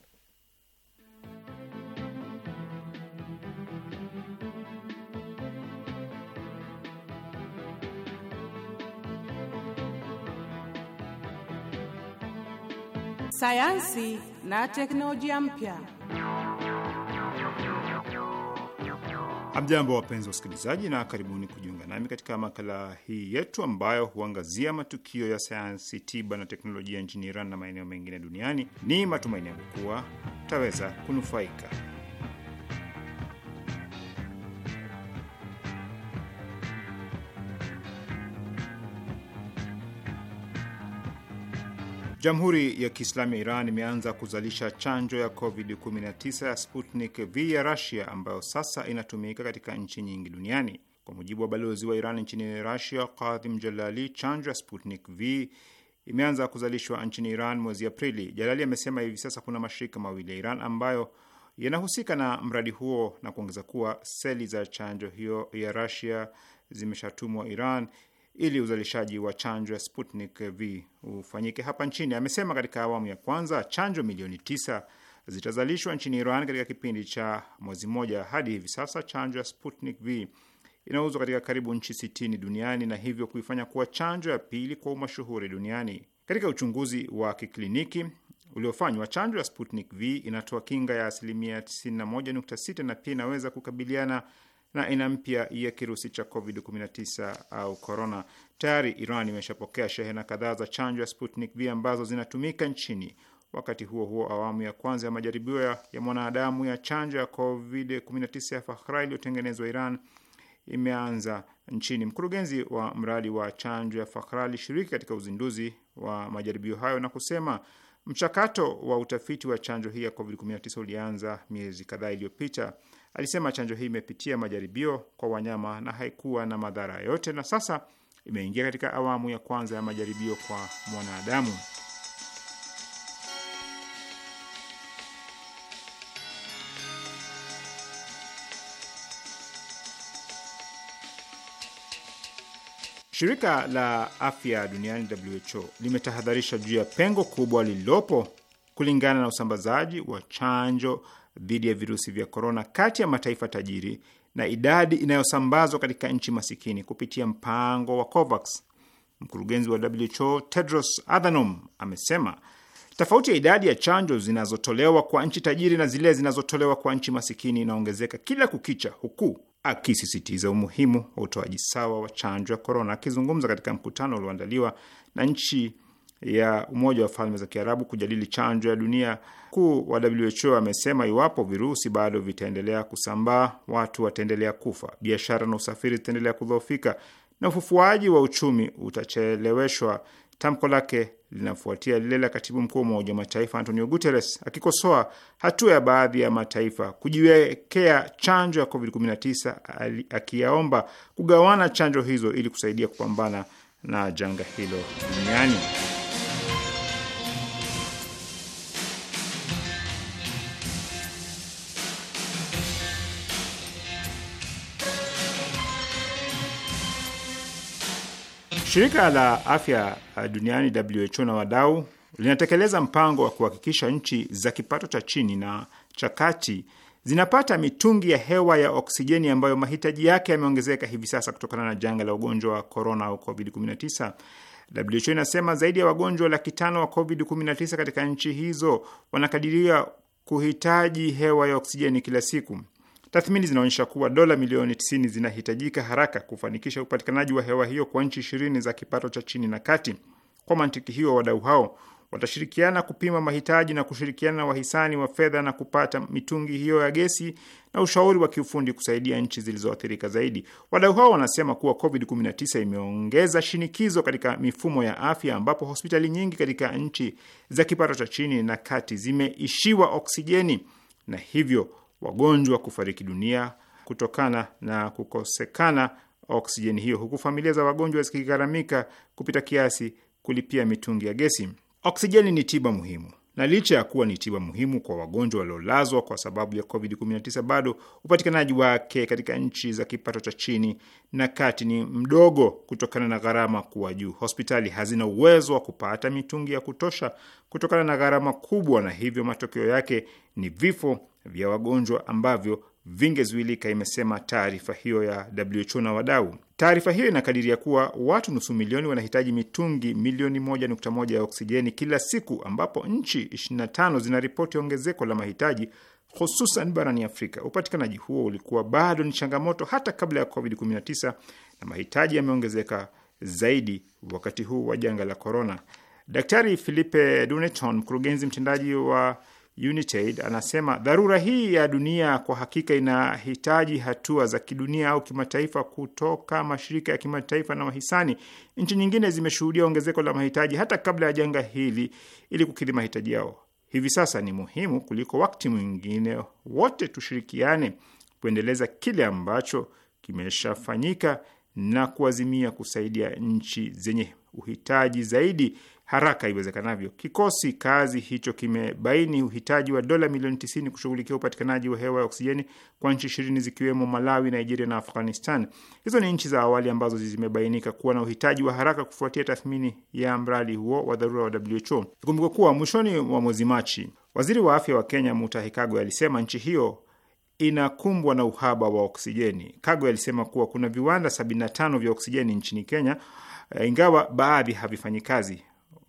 sayansi na teknolojia mpya. Hamjambo, wapenzi wa usikilizaji, na karibuni kujiunga nami katika makala hii yetu ambayo huangazia matukio ya sayansi, tiba na teknolojia nchini Iran na maeneo mengine duniani. Ni matumaini yangu kuwa taweza kunufaika. Jamhuri ya Kiislamu ya Iran imeanza kuzalisha chanjo ya COVID-19 ya Sputnik V ya rasia ambayo sasa inatumika katika nchi nyingi duniani. Kwa mujibu wa balozi wa Iran nchini rasia Kadhim Jalali, chanjo ya Sputnik V imeanza kuzalishwa nchini Iran mwezi Aprili. Jalali amesema hivi sasa kuna mashirika mawili ya Iran ambayo yanahusika na mradi huo na kuongeza kuwa seli za chanjo hiyo ya rasia zimeshatumwa Iran ili uzalishaji wa chanjo ya Sputnik V ufanyike hapa nchini. Amesema katika awamu ya kwanza chanjo milioni tisa zitazalishwa nchini Iran katika kipindi cha mwezi mmoja. Hadi hivi sasa chanjo ya Sputnik V inauzwa katika karibu nchi sitini duniani na hivyo kuifanya kuwa chanjo ya pili kwa umashuhuri duniani. Katika uchunguzi wa kikliniki uliofanywa, chanjo ya Sputnik V inatoa kinga ya asilimia 91.6 na pia inaweza kukabiliana na aina mpya ya kirusi cha COVID-19 au corona. Tayari Iran imeshapokea shehena kadhaa za chanjo ya Sputnik V ambazo zinatumika nchini. Wakati huo huo, awamu ya kwanza ya majaribio ya, ya mwanadamu ya chanjo ya COVID-19 ya Fakhra iliyotengenezwa Iran imeanza nchini. Mkurugenzi wa mradi wa chanjo ya Fakhra alishiriki katika uzinduzi wa majaribio hayo na kusema mchakato wa utafiti wa chanjo hii ya COVID-19 ulianza miezi kadhaa iliyopita. Alisema chanjo hii imepitia majaribio kwa wanyama na haikuwa na madhara yote, na sasa imeingia katika awamu ya kwanza ya majaribio kwa mwanadamu. Shirika la afya duniani WHO limetahadharisha juu ya pengo kubwa lililopo kulingana na usambazaji wa chanjo dhidi ya virusi vya korona kati ya mataifa tajiri na idadi inayosambazwa katika nchi masikini kupitia mpango wa COVAX. Mkurugenzi wa WHO Tedros Adhanom amesema tofauti ya idadi ya chanjo zinazotolewa kwa nchi tajiri na zile zinazotolewa kwa nchi masikini inaongezeka kila kukicha, huku akisisitiza umuhimu wa utoaji sawa wa chanjo ya korona. Akizungumza katika mkutano ulioandaliwa na nchi ya Umoja wa Falme za Kiarabu kujadili chanjo ya dunia. Mkuu wa WHO amesema iwapo virusi bado vitaendelea kusambaa, watu wataendelea kufa, biashara na usafiri zitaendelea kudhoofika na ufufuaji wa uchumi utacheleweshwa. Tamko lake linafuatia lile la katibu mkuu wa Umoja wa Mataifa Antonio Guterres akikosoa hatua ya baadhi ya mataifa kujiwekea chanjo ya COVID-19, akiyaomba kugawana chanjo hizo ili kusaidia kupambana na janga hilo duniani. Shirika la afya uh, duniani WHO na wadau linatekeleza mpango wa kuhakikisha nchi za kipato cha chini na cha kati zinapata mitungi ya hewa ya oksijeni ambayo mahitaji yake yameongezeka hivi sasa kutokana na janga la ugonjwa wa corona au COVID-19. WHO inasema zaidi ya wagonjwa laki tano wa COVID-19 katika nchi hizo wanakadiria kuhitaji hewa ya oksijeni kila siku. Tathmini zinaonyesha kuwa dola milioni 90 zinahitajika haraka kufanikisha upatikanaji wa hewa hiyo kwa nchi ishirini za kipato cha chini na kati. Kwa mantiki hiyo, wadau hao watashirikiana kupima mahitaji na kushirikiana na wahisani wa fedha na kupata mitungi hiyo ya gesi na ushauri wa kiufundi kusaidia nchi zilizoathirika zaidi. Wadau hao wanasema kuwa COVID-19 imeongeza shinikizo katika mifumo ya afya, ambapo hospitali nyingi katika nchi za kipato cha chini na kati zimeishiwa oksijeni na hivyo wagonjwa kufariki dunia kutokana na kukosekana oksijeni hiyo, huku familia za wagonjwa zikigharamika kupita kiasi kulipia mitungi ya gesi. Oksijeni ni tiba muhimu na licha ya kuwa ni tiba muhimu kwa wagonjwa waliolazwa kwa sababu ya COVID-19, bado upatikanaji wake katika nchi za kipato cha chini na kati ni mdogo kutokana na gharama kuwa juu. Hospitali hazina uwezo wa kupata mitungi ya kutosha kutokana na gharama kubwa, na hivyo matokeo yake ni vifo vya wagonjwa ambavyo vingezuilika, imesema taarifa hiyo ya WHO na wadau. Taarifa hiyo inakadiria kuwa watu nusu milioni wanahitaji mitungi milioni 1.1 ya oksijeni kila siku, ambapo nchi 25 zinaripoti ongezeko la mahitaji hususan barani Afrika. Upatikanaji huo ulikuwa bado ni changamoto hata kabla ya COVID-19 na mahitaji yameongezeka zaidi wakati huu wa janga la korona. Daktari Philippe Duneton, mkurugenzi mtendaji wa United anasema dharura hii ya dunia kwa hakika inahitaji hatua za kidunia au kimataifa kutoka mashirika ya kimataifa na wahisani. Nchi nyingine zimeshuhudia ongezeko la mahitaji hata kabla ya janga hili ili kukidhi mahitaji yao. Hivi sasa ni muhimu kuliko wakati mwingine wote tushirikiane kuendeleza kile ambacho kimeshafanyika na kuazimia kusaidia nchi zenye uhitaji zaidi haraka iwezekanavyo. Kikosi kazi hicho kimebaini uhitaji wa dola milioni 90 kushughulikia upatikanaji wa hewa ya oksijeni kwa nchi ishirini zikiwemo Malawi, Nigeria na Afghanistan. Hizo ni nchi za awali ambazo zimebainika kuwa na uhitaji wa haraka kufuatia tathmini ya mradi huo wa dharura wa WHO. Ikumbuka kuwa mwishoni mwa mwezi Machi, waziri wa afya wa Kenya Mutahi Kagwe alisema nchi hiyo inakumbwa na uhaba wa oksijeni. Kagwe alisema kuwa kuna viwanda 75 vya oksijeni nchini Kenya, eh, ingawa baadhi havifanyi kazi.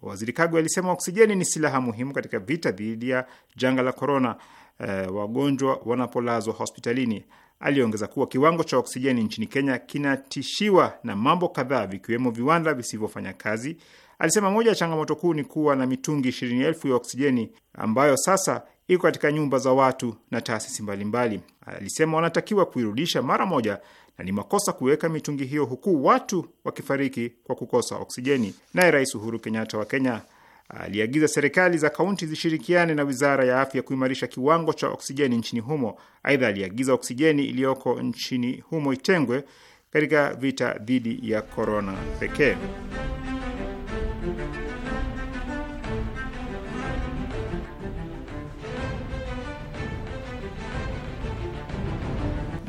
Waziri Kagwe alisema oksijeni ni silaha muhimu katika vita dhidi ya janga la korona, e, eh, wagonjwa wanapolazwa hospitalini. Aliongeza kuwa kiwango cha oksijeni nchini Kenya kinatishiwa na mambo kadhaa, vikiwemo viwanda visivyofanya kazi. Alisema moja ya changamoto kuu ni kuwa na mitungi ishirini elfu ya oksijeni ambayo sasa iko katika nyumba za watu na taasisi mbalimbali. Alisema wanatakiwa kuirudisha mara moja na ni makosa kuweka mitungi hiyo huku watu wakifariki kwa kukosa oksijeni. Naye Rais Uhuru Kenyatta wa Kenya aliagiza serikali za kaunti zishirikiane na wizara ya afya kuimarisha kiwango cha oksijeni nchini humo. Aidha, aliagiza oksijeni iliyoko nchini humo itengwe katika vita dhidi ya korona pekee.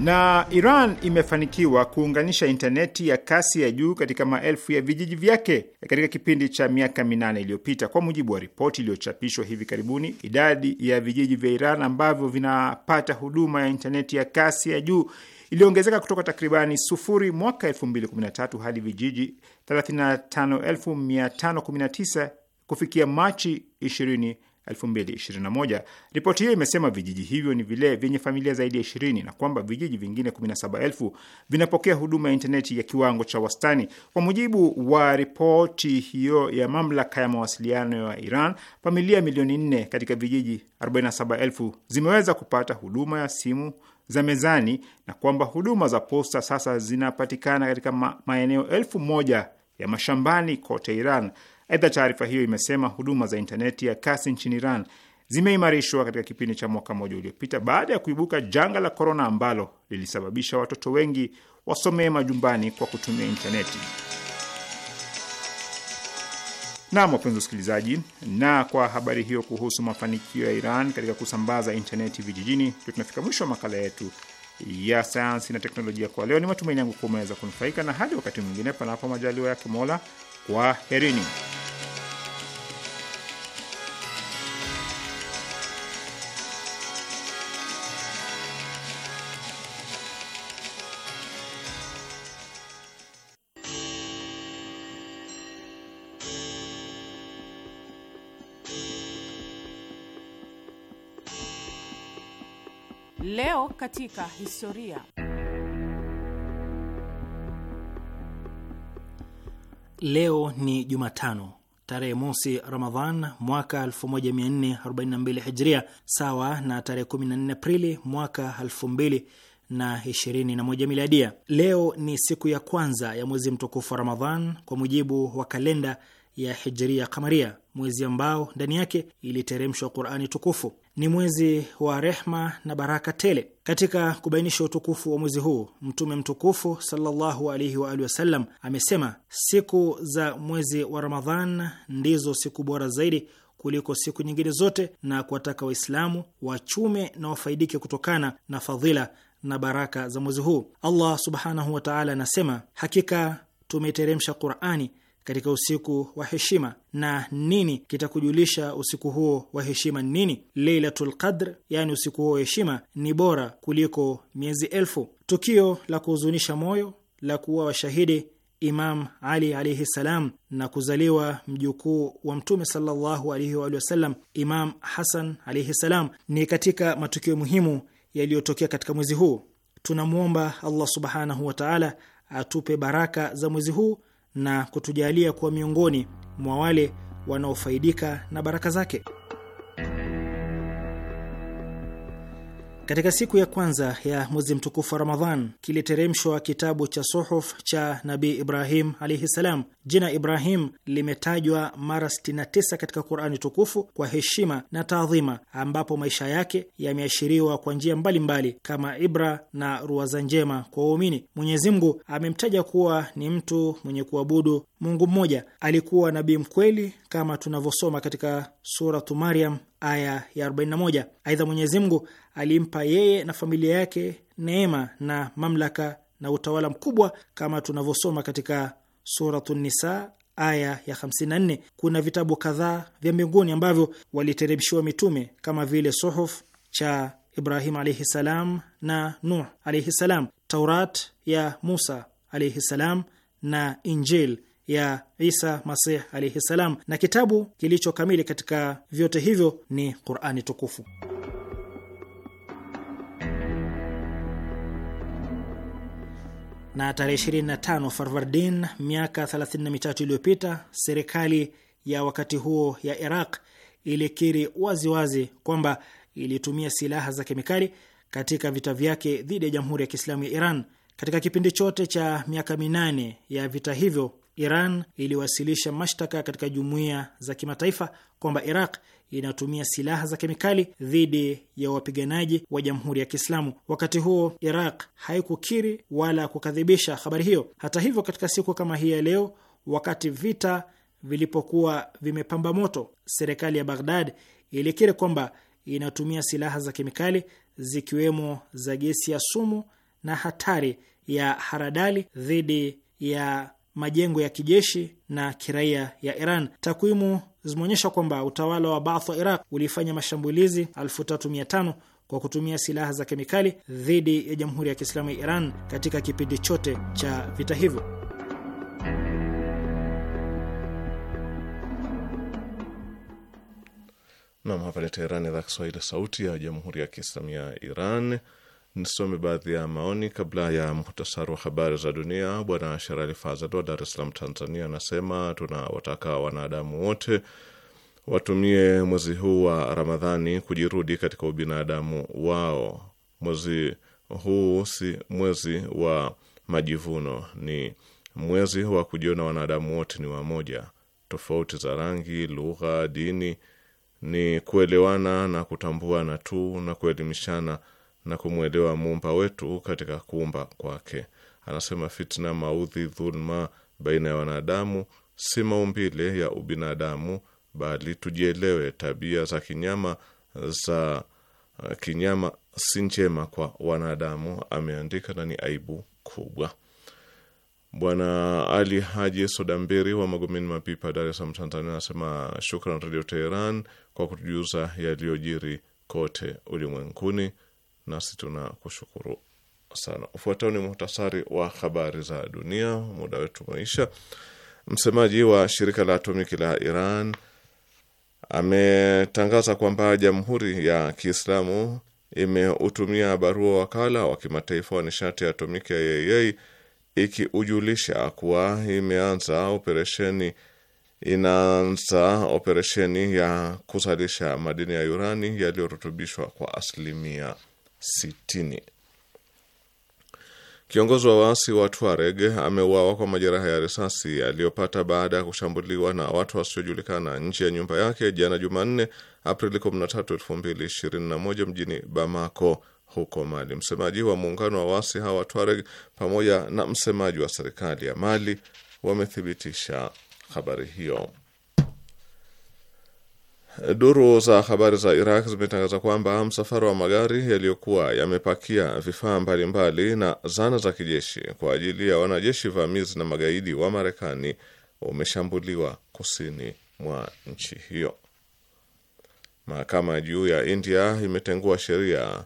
na Iran imefanikiwa kuunganisha intaneti ya kasi ya juu katika maelfu ya vijiji vyake katika kipindi cha miaka minane iliyopita. Kwa mujibu wa ripoti iliyochapishwa hivi karibuni, idadi ya vijiji vya Iran ambavyo vinapata huduma ya intaneti ya kasi ya juu iliongezeka kutoka takribani sufuri mwaka 2013 hadi vijiji 35519 kufikia Machi 2021. Ripoti hiyo imesema vijiji hivyo ni vile vyenye familia zaidi ya 20 na kwamba vijiji vingine 17,000 vinapokea huduma ya intaneti ya kiwango cha wastani. Kwa mujibu wa ripoti hiyo ya mamlaka ya mawasiliano ya Iran, familia milioni 4 katika vijiji 47,000 zimeweza kupata huduma ya simu za mezani na kwamba huduma za posta sasa zinapatikana katika ma maeneo elfu moja ya mashambani kote Iran. Aidha, taarifa hiyo imesema huduma za intaneti ya kasi nchini Iran zimeimarishwa katika kipindi cha mwaka mmoja uliopita baada ya kuibuka janga la korona ambalo lilisababisha watoto wengi wasomee majumbani kwa kutumia intaneti. Nam, wapenzi wasikilizaji, na kwa habari hiyo kuhusu mafanikio ya Iran katika kusambaza intaneti vijijini, ndio tunafika mwisho wa makala yetu ya sayansi na teknolojia kwa leo. Ni matumaini yangu kuwa umeweza kunufaika, na hadi wakati mwingine, panapo majaliwa yake Mola kwa herini Leo katika historia. Leo ni Jumatano tarehe mosi Ramadhan mwaka 1442 Hijria, sawa na tarehe 14 Aprili mwaka 2021 Miladia. Leo ni siku ya kwanza ya mwezi mtukufu wa Ramadhan kwa mujibu wa kalenda ya Hijria Kamaria, mwezi ambao ndani yake iliteremshwa Qurani tukufu. Ni mwezi wa rehma na baraka tele. Katika kubainisha utukufu wa mwezi huu, Mtume mtukufu sallallahu alaihi wa alihi wasallam amesema, siku za mwezi wa Ramadhan ndizo siku bora zaidi kuliko siku nyingine zote, na kuwataka Waislamu wachume na wafaidike kutokana na fadhila na baraka za mwezi huu. Allah subhanahu wataala anasema, hakika tumeteremsha Qurani katika usiku wa heshima, na nini kitakujulisha usiku huo wa heshima nini? Leilatul Qadr, yaani usiku huo wa heshima ni bora kuliko miezi elfu. Tukio la kuhuzunisha moyo la kuwa washahidi Imam Ali alaihi salam na kuzaliwa mjukuu wa Mtume sallallahu alaihi wa sallam, Imam Hasan alaihi salam, ni katika matukio muhimu yaliyotokea katika mwezi huu. Tunamwomba Allah subhanahu wa taala atupe baraka za mwezi huu na kutujalia kuwa miongoni mwa wale wanaofaidika na baraka zake. Katika siku ya kwanza ya mwezi mtukufu wa Ramadhan kiliteremshwa kitabu cha Suhuf cha Nabii Ibrahim alaihi ssalam. Jina Ibrahim limetajwa mara 69 katika Qurani tukufu kwa heshima na taadhima, ambapo maisha yake yameashiriwa kwa njia mbalimbali kama ibra na ruwaza njema kwa waumini. Mwenyezi Mungu amemtaja kuwa ni mtu mwenye kuabudu Mungu mmoja alikuwa nabii mkweli kama tunavyosoma katika Suratu Mariam aya ya 41. Aidha, Mwenyezi Mungu alimpa yeye na familia yake neema na mamlaka na utawala mkubwa kama tunavyosoma katika Suratu Nisa aya ya 54. Kuna vitabu kadhaa vya mbinguni ambavyo waliteremshiwa mitume kama vile suhuf cha Ibrahim alaihi salam na Nuh alaihi salam, Taurat ya Musa alaihi salam na Injil ya Isa Masih alaihi ssalam, na kitabu kilicho kamili katika vyote hivyo ni Qurani tukufu. Na tarehe 25 Farvardin, miaka 33 iliyopita, serikali ya wakati huo ya Iraq ilikiri waziwazi kwamba ilitumia silaha za kemikali katika vita vyake dhidi ya Jamhuri ya Kiislamu ya Iran. Katika kipindi chote cha miaka minane ya vita hivyo Iran iliwasilisha mashtaka katika jumuiya za kimataifa kwamba Iraq inatumia silaha za kemikali dhidi ya wapiganaji wa Jamhuri ya Kiislamu. Wakati huo, Iraq haikukiri wala kukadhibisha habari hiyo. Hata hivyo, katika siku kama hii ya leo, wakati vita vilipokuwa vimepamba moto, serikali ya Baghdad ilikiri kwamba inatumia silaha za kemikali zikiwemo za gesi ya sumu na hatari ya haradali dhidi ya majengo ya kijeshi na kiraia ya Iran. Takwimu zimeonyesha kwamba utawala wa Baath wa Iraq ulifanya mashambulizi 3500 kwa kutumia silaha za kemikali dhidi ya Jamhuri ya Kiislamu ya Iran katika kipindi chote cha vita hivyo. Nam, hapa ni Teherani, idhaa Kiswahili, sauti ya Jamhuri ya Kiislamu ya Iran nisome baadhi ya maoni kabla ya muhtasari wa habari za dunia. Bwana Sherali fazl wa Dar es Salaam, Tanzania, anasema tunawataka wanadamu wote watumie mwezi huu wa Ramadhani kujirudi katika ubinadamu wao. Mwezi huu si mwezi wa majivuno, ni mwezi wa kujiona wanadamu wote ni wamoja. Tofauti za rangi, lugha, dini ni kuelewana na kutambuana tu na kuelimishana na kumwelewa muumba wetu katika kuumba kwake. Anasema fitna, maudhi, dhulma baina ya wanadamu si maumbile ya ubinadamu, bali tujielewe. Tabia za kinyama za uh, kinyama si njema kwa wanadamu, ameandika na ni aibu kubwa. Bwana Ali Haji Sodambiri wa Magomeni Mapipa, Dar es Salaam, Tanzania, anasema shukran Radio Teheran kwa kutujuza yaliyojiri kote ulimwenguni nasi tuna kushukuru sana. Ufuatao ni muhtasari wa habari za dunia, muda wetu maisha. Msemaji wa shirika la atomiki la Iran ametangaza kwamba jamhuri ya Kiislamu imeutumia barua wakala wa kimataifa wa nishati ya atomiki ya IAEA ikiujulisha kuwa imeanza operesheni inaanza operesheni ya kuzalisha madini ya urani yaliyorutubishwa kwa asilimia sitini. Kiongozi wa waasi wa Tuareg ameuawa kwa majeraha ya risasi aliyopata baada ya kushambuliwa na watu wasiojulikana nje ya nyumba yake jana Jumanne, Aprili 13, 2021 mjini Bamako huko Mali. Msemaji wa muungano wa waasi hawa wa Tuareg pamoja na msemaji wa serikali ya Mali wamethibitisha habari hiyo. Duru za habari za Iraq zimetangaza kwamba msafara wa magari yaliyokuwa yamepakia vifaa mbalimbali na zana za kijeshi kwa ajili ya wanajeshi vamizi na magaidi wa Marekani umeshambuliwa kusini mwa nchi hiyo. Mahakama ya juu ya India imetengua sheria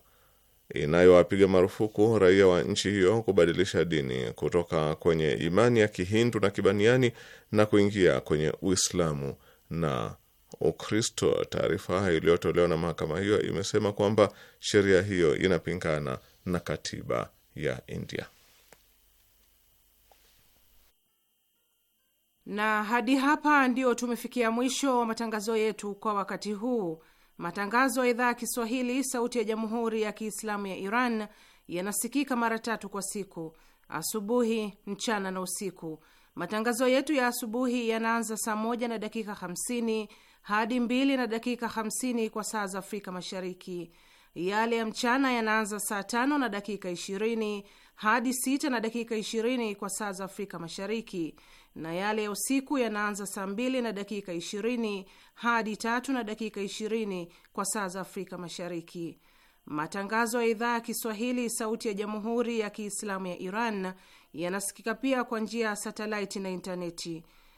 inayowapiga marufuku raia wa nchi hiyo kubadilisha dini kutoka kwenye imani ya Kihindu na Kibaniani na kuingia kwenye Uislamu na Ukristo. Taarifa iliyotolewa na mahakama hiyo imesema kwamba sheria hiyo inapingana na katiba ya India. Na hadi hapa ndio tumefikia mwisho wa matangazo yetu kwa wakati huu. Matangazo ya idhaa ya Kiswahili sauti ya Jamhuri ya Kiislamu ya Iran yanasikika mara tatu kwa siku: asubuhi, mchana na usiku. Matangazo yetu ya asubuhi yanaanza saa moja na dakika hamsini hadi mbili na dakika hamsini kwa saa za Afrika Mashariki. Yale ya mchana yanaanza saa tano na dakika ishirini hadi sita na dakika ishirini kwa saa za Afrika Mashariki, na yale ya usiku yanaanza saa mbili na dakika ishirini hadi tatu na dakika ishirini kwa saa za Afrika Mashariki. Matangazo ya idhaa ya Kiswahili sauti ya Jamhuri ya Kiislamu ya Iran yanasikika pia kwa njia ya satelaiti na intaneti.